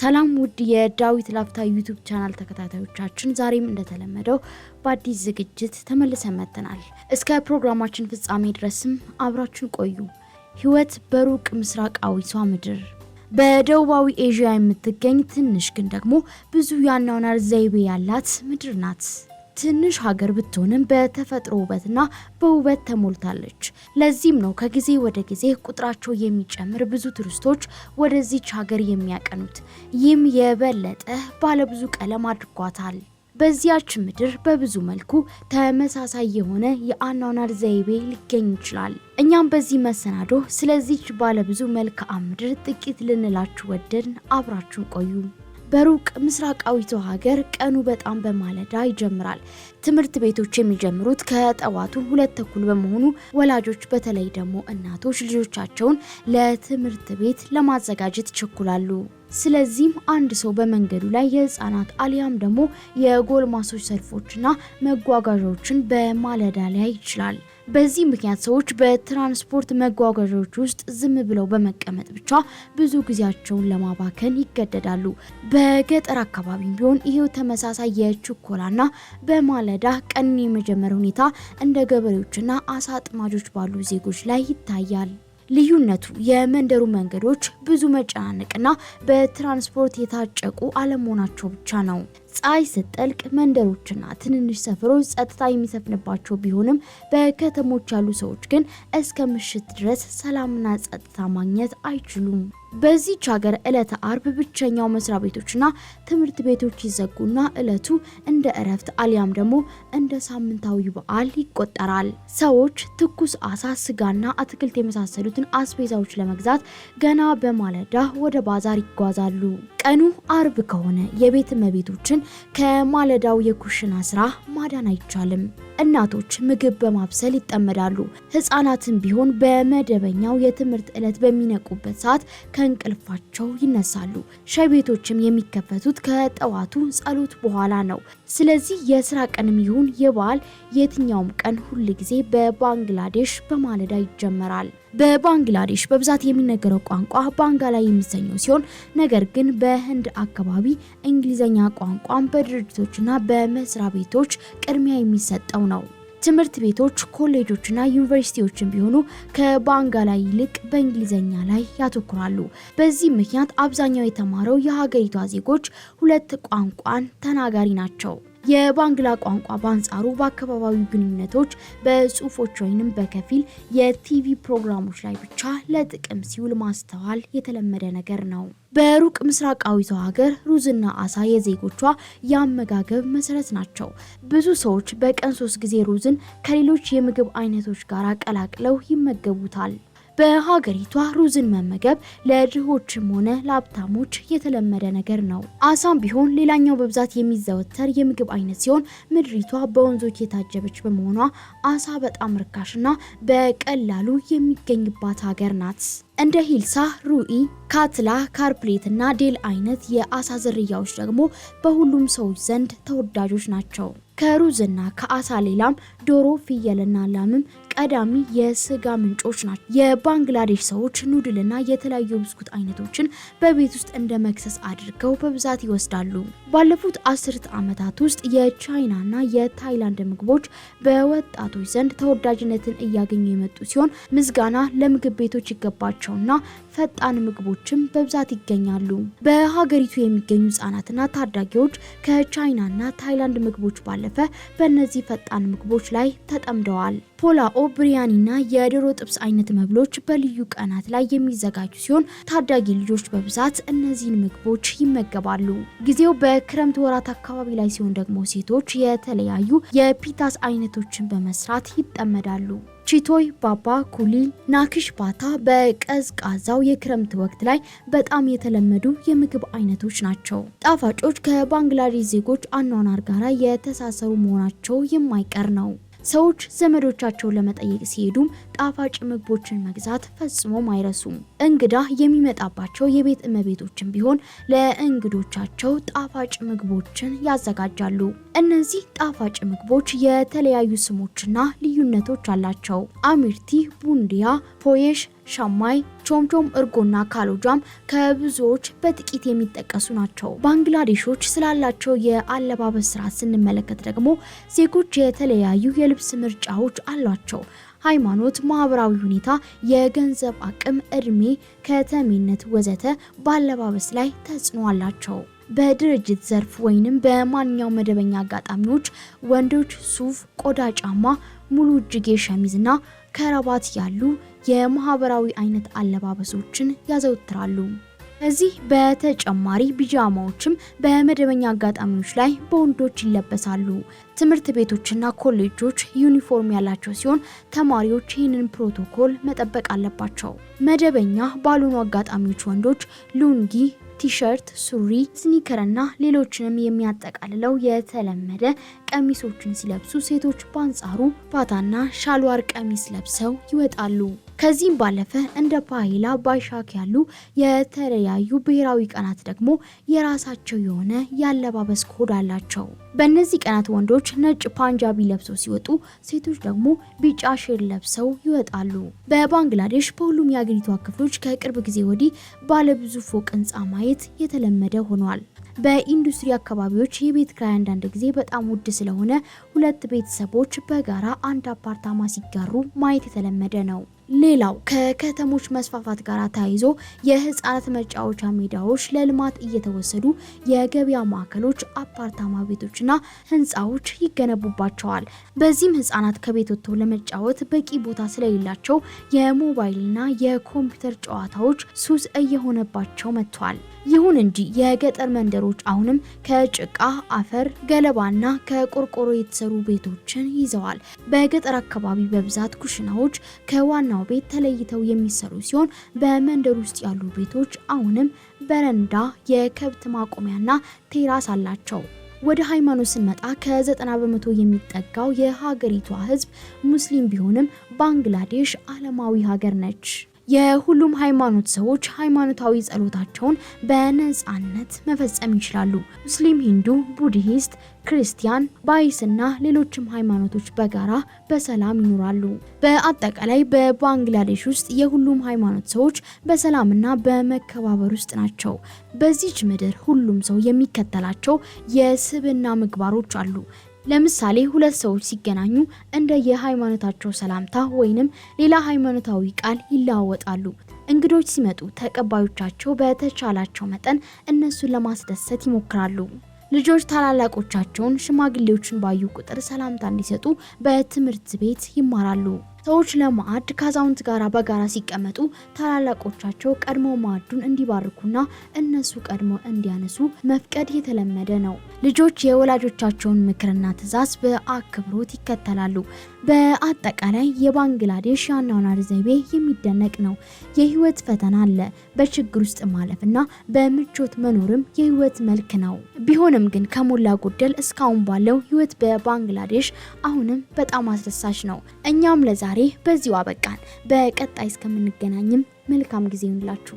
ሰላም ውድ የዳዊት ላፍታ ዩቱብ ቻናል ተከታታዮቻችን፣ ዛሬም እንደተለመደው በአዲስ ዝግጅት ተመልሰን መጥተናል። እስከ ፕሮግራማችን ፍጻሜ ድረስም አብራችን ቆዩ። ህይወት በሩቅ አዊሷ ምድር በደቡባዊ ኤዥያ የምትገኝ ትንሽ ግን ደግሞ ብዙ ያናውናር ዘይቤ ያላት ምድር ናት። ትንሽ ሀገር ብትሆንም በተፈጥሮ ውበትና በውበት ተሞልታለች። ለዚህም ነው ከጊዜ ወደ ጊዜ ቁጥራቸው የሚጨምር ብዙ ቱሪስቶች ወደዚች ሀገር የሚያቀኑት። ይህም የበለጠ ባለብዙ ቀለም አድርጓታል። በዚያች ምድር በብዙ መልኩ ተመሳሳይ የሆነ የአኗኗር ዘይቤ ሊገኝ ይችላል። እኛም በዚህ መሰናዶ ስለዚች ባለብዙ መልክዓ ምድር ጥቂት ልንላችሁ ወደድን። አብራችሁን ቆዩ። በሩቅ ምስራቃዊቱ ሀገር ቀኑ በጣም በማለዳ ይጀምራል። ትምህርት ቤቶች የሚጀምሩት ከጠዋቱ ሁለት ተኩል በመሆኑ ወላጆች በተለይ ደግሞ እናቶች ልጆቻቸውን ለትምህርት ቤት ለማዘጋጀት ይቸኩላሉ። ስለዚህም አንድ ሰው በመንገዱ ላይ የህፃናት አሊያም ደግሞ የጎልማሶች ሰልፎችና መጓጓዣዎችን በማለዳ ላይ ይችላል። በዚህ ምክንያት ሰዎች በትራንስፖርት መጓጓዣዎች ውስጥ ዝም ብለው በመቀመጥ ብቻ ብዙ ጊዜያቸውን ለማባከን ይገደዳሉ። በገጠር አካባቢ ቢሆን ይሄው ተመሳሳይ የችኮላና በማለዳ ቀን የመጀመር ሁኔታ እንደ ገበሬዎችና አሳ አጥማጆች ባሉ ዜጎች ላይ ይታያል። ልዩነቱ የመንደሩ መንገዶች ብዙ መጨናነቅና በትራንስፖርት የታጨቁ አለመሆናቸው ብቻ ነው። ፀሐይ ስትጠልቅ መንደሮችና ትንንሽ ሰፈሮች ጸጥታ የሚሰፍንባቸው ቢሆንም በከተሞች ያሉ ሰዎች ግን እስከ ምሽት ድረስ ሰላምና ጸጥታ ማግኘት አይችሉም። በዚች ሀገር ዕለተ አርብ ብቸኛው መስሪያ ቤቶችና ትምህርት ቤቶች ይዘጉና ዕለቱ እንደ እረፍት አሊያም ደግሞ እንደ ሳምንታዊ በዓል ይቆጠራል። ሰዎች ትኩስ አሳ፣ ስጋና አትክልት የመሳሰሉትን አስቤዛዎች ለመግዛት ገና በማለዳ ወደ ባዛር ይጓዛሉ። ቀኑ አርብ ከሆነ የቤት እመቤቶችን ከማለዳው የኩሽና ስራ ማዳን አይቻልም። እናቶች ምግብ በማብሰል ይጠመዳሉ። ህፃናትም ቢሆን በመደበኛው የትምህርት ዕለት በሚነቁበት ሰዓት ከእንቅልፋቸው ይነሳሉ። ሻይ ቤቶችም የሚከፈቱት ከጠዋቱ ጸሎት በኋላ ነው። ስለዚህ የስራ ቀንም ይሁን የበዓል የትኛውም ቀን ሁል ጊዜ በባንግላዴሽ በማለዳ ይጀመራል። በባንግላዴሽ በብዛት የሚነገረው ቋንቋ ባንጋላ የሚሰኘው ሲሆን ነገር ግን በህንድ አካባቢ እንግሊዘኛ ቋንቋን በድርጅቶችና በመስሪያ ቤቶች ቅድሚያ የሚሰጠው ነው። ትምህርት ቤቶች ኮሌጆችና ዩኒቨርሲቲዎችን ቢሆኑ ከባንጋላ ይልቅ በእንግሊዝኛ ላይ ያተኩራሉ። በዚህ ምክንያት አብዛኛው የተማረው የሀገሪቷ ዜጎች ሁለት ቋንቋን ተናጋሪ ናቸው። የባንግላ ቋንቋ በአንጻሩ በአካባቢ ግንኙነቶች፣ በጽሁፎች ወይም በከፊል የቲቪ ፕሮግራሞች ላይ ብቻ ለጥቅም ሲውል ማስተዋል የተለመደ ነገር ነው። በሩቅ ምስራቃዊቷ ሀገር ሩዝና አሳ የዜጎቿ የአመጋገብ መሰረት ናቸው። ብዙ ሰዎች በቀን ሶስት ጊዜ ሩዝን ከሌሎች የምግብ አይነቶች ጋር ቀላቅለው ይመገቡታል። በሀገሪቷ ሩዝን መመገብ ለድሆችም ሆነ ለሀብታሞች የተለመደ ነገር ነው። አሳም ቢሆን ሌላኛው በብዛት የሚዘወተር የምግብ አይነት ሲሆን ምድሪቷ በወንዞች የታጀበች በመሆኗ አሳ በጣም ርካሽና በቀላሉ የሚገኝባት ሀገር ናት። እንደ ሂልሳ፣ ሩኢ፣ ካትላ፣ ካርፕሌት እና ዴል አይነት የአሳ ዝርያዎች ደግሞ በሁሉም ሰዎች ዘንድ ተወዳጆች ናቸው። ከሩዝና ከአሳ ሌላም ዶሮ፣ ፍየልና ላምም ቀዳሚ የስጋ ምንጮች ናቸው። የባንግላዴሽ ሰዎች ኑድልና የተለያዩ ብስኩት አይነቶችን በቤት ውስጥ እንደ መክሰስ አድርገው በብዛት ይወስዳሉ። ባለፉት አስርት ዓመታት ውስጥ የቻይናና የታይላንድ ምግቦች በወጣቶች ዘንድ ተወዳጅነትን እያገኙ የመጡ ሲሆን ምስጋና ለምግብ ቤቶች ይገባቸውና ፈጣን ምግቦችም በብዛት ይገኛሉ። በሀገሪቱ የሚገኙ ህጻናትና ታዳጊዎች ከቻይናና ታይላንድ ምግቦች ባለፈ በእነዚህ ፈጣን ምግቦች ላይ ተጠምደዋል። ፖላኦ፣ ብሪያኒና የዶሮ ጥብስ አይነት መብሎች በልዩ ቀናት ላይ የሚዘጋጁ ሲሆን ታዳጊ ልጆች በብዛት እነዚህን ምግቦች ይመገባሉ። ጊዜው በክረምት ወራት አካባቢ ላይ ሲሆን ደግሞ ሴቶች የተለያዩ የፒታስ አይነቶችን በመስራት ይጠመዳሉ። ቺቶይ ባባ ኩሊ፣ ናክሽ ባታ በቀዝቃዛው የክረምት ወቅት ላይ በጣም የተለመዱ የምግብ አይነቶች ናቸው። ጣፋጮች ከባንግላዴሽ ዜጎች አኗኗር ጋራ የተሳሰሩ መሆናቸው የማይቀር ነው። ሰዎች ዘመዶቻቸውን ለመጠየቅ ሲሄዱም ጣፋጭ ምግቦችን መግዛት ፈጽሞም አይረሱም። እንግዳ የሚመጣባቸው የቤት እመቤቶችን ቢሆን ለእንግዶቻቸው ጣፋጭ ምግቦችን ያዘጋጃሉ። እነዚህ ጣፋጭ ምግቦች የተለያዩ ስሞችና ልዩነቶች አላቸው። አሚርቲ፣ ቡንዲያ፣ ፖየሽ ሻማይ፣ ቾምቾም እርጎና ካሎጃም ከብዙዎች በጥቂት የሚጠቀሱ ናቸው። ባንግላዴሾች ስላላቸው የአለባበስ ስርዓት ስንመለከት ደግሞ ዜጎች የተለያዩ የልብስ ምርጫዎች አሏቸው። ሃይማኖት፣ ማህበራዊ ሁኔታ፣ የገንዘብ አቅም፣ እድሜ፣ ከተሜነት ወዘተ በአለባበስ ላይ ተጽዕኖ አላቸው። በድርጅት ዘርፍ ወይንም በማንኛውም መደበኛ አጋጣሚዎች ወንዶች ሱፍ፣ ቆዳ ጫማ ሙሉ እጅጌ ሸሚዝና ከረባት ያሉ የማህበራዊ አይነት አለባበሶችን ያዘወትራሉ። እዚህ በተጨማሪ ቢጃማዎችም በመደበኛ አጋጣሚዎች ላይ በወንዶች ይለበሳሉ። ትምህርት ቤቶችና ኮሌጆች ዩኒፎርም ያላቸው ሲሆን ተማሪዎች ይህንን ፕሮቶኮል መጠበቅ አለባቸው። መደበኛ ባልሆኑ አጋጣሚዎች ወንዶች ሉንጊ፣ ቲሸርት፣ ሱሪ፣ ስኒከር እና ሌሎችንም የሚያጠቃልለው የተለመደ ቀሚሶችን ሲለብሱ ሴቶች በአንጻሩ ባታና ሻልዋር ቀሚስ ለብሰው ይወጣሉ። ከዚህም ባለፈ እንደ ፓይላ ባይሻክ ያሉ የተለያዩ ብሔራዊ ቀናት ደግሞ የራሳቸው የሆነ ያለባበስ ኮድ አላቸው። በእነዚህ ቀናት ወንዶች ነጭ ፓንጃቢ ለብሰው ሲወጡ፣ ሴቶች ደግሞ ቢጫ ሼር ለብሰው ይወጣሉ። በባንግላዴሽ በሁሉም የአገሪቷ ክፍሎች ከቅርብ ጊዜ ወዲህ ባለብዙ ፎቅ ህንፃ ማየት የተለመደ ሆኗል። በኢንዱስትሪ አካባቢዎች የቤት ክራይ አንዳንድ ጊዜ በጣም ውድ ስለሆነ ሁለት ቤተሰቦች በጋራ አንድ አፓርታማ ሲጋሩ ማየት የተለመደ ነው። ሌላው ከከተሞች መስፋፋት ጋር ተያይዞ የህፃናት መጫወቻ ሜዳዎች ለልማት እየተወሰዱ የገበያ ማዕከሎች፣ አፓርታማ ቤቶችና ህንፃዎች ይገነቡባቸዋል። በዚህም ህፃናት ከቤት ወጥተው ለመጫወት በቂ ቦታ ስለሌላቸው የሞባይልና የኮምፒውተር ጨዋታዎች ሱስ እየሆነባቸው መጥቷል። ይሁን እንጂ የገጠር መንደሮች አሁንም ከጭቃ አፈር፣ ገለባና ከቆርቆሮ የተሰሩ ቤቶችን ይዘዋል። በገጠር አካባቢ በብዛት ኩሽናዎች ከዋና ከዋናው ቤት ተለይተው የሚሰሩ ሲሆን በመንደር ውስጥ ያሉ ቤቶች አሁንም በረንዳ፣ የከብት ማቆሚያና ቴራስ አላቸው። ወደ ሃይማኖት ስንመጣ ከ90 በመቶ የሚጠጋው የሀገሪቷ ሕዝብ ሙስሊም ቢሆንም ባንግላዴሽ ዓለማዊ ሀገር ነች። የሁሉም ሃይማኖት ሰዎች ሃይማኖታዊ ጸሎታቸውን በነጻነት መፈጸም ይችላሉ። ሙስሊም፣ ሂንዱ፣ ቡድሂስት፣ ክርስቲያን፣ ባይስና ሌሎችም ሃይማኖቶች በጋራ በሰላም ይኖራሉ። በአጠቃላይ በባንግላዴሽ ውስጥ የሁሉም ሃይማኖት ሰዎች በሰላምና በመከባበር ውስጥ ናቸው። በዚች ምድር ሁሉም ሰው የሚከተላቸው የስብና ምግባሮች አሉ። ለምሳሌ ሁለት ሰዎች ሲገናኙ እንደ የሃይማኖታቸው ሰላምታ ወይንም ሌላ ሃይማኖታዊ ቃል ይለዋወጣሉ። እንግዶች ሲመጡ ተቀባዮቻቸው በተቻላቸው መጠን እነሱን ለማስደሰት ይሞክራሉ። ልጆች ታላላቆቻቸውን ሽማግሌዎችን ባዩ ቁጥር ሰላምታ እንዲሰጡ በትምህርት ቤት ይማራሉ። ሰዎች ለማዕድ ከአዛውንት ጋር በጋራ ሲቀመጡ ታላላቆቻቸው ቀድሞ ማዕዱን እንዲባርኩና እነሱ ቀድሞ እንዲያነሱ መፍቀድ የተለመደ ነው። ልጆች የወላጆቻቸውን ምክርና ትዕዛዝ በአክብሮት ይከተላሉ። በአጠቃላይ የባንግላዴሽ የአኗኗር ዘይቤ የሚደነቅ ነው። የህይወት ፈተና አለ። በችግር ውስጥ ማለፍና በምቾት መኖርም የህይወት መልክ ነው። ቢሆንም ግን ከሞላ ጎደል እስካሁን ባለው ህይወት በባንግላዴሽ አሁንም በጣም አስደሳች ነው። እኛም ለዛሬ በዚሁ አበቃን። በቀጣይ እስከምንገናኝም መልካም ጊዜ ይሁንላችሁ።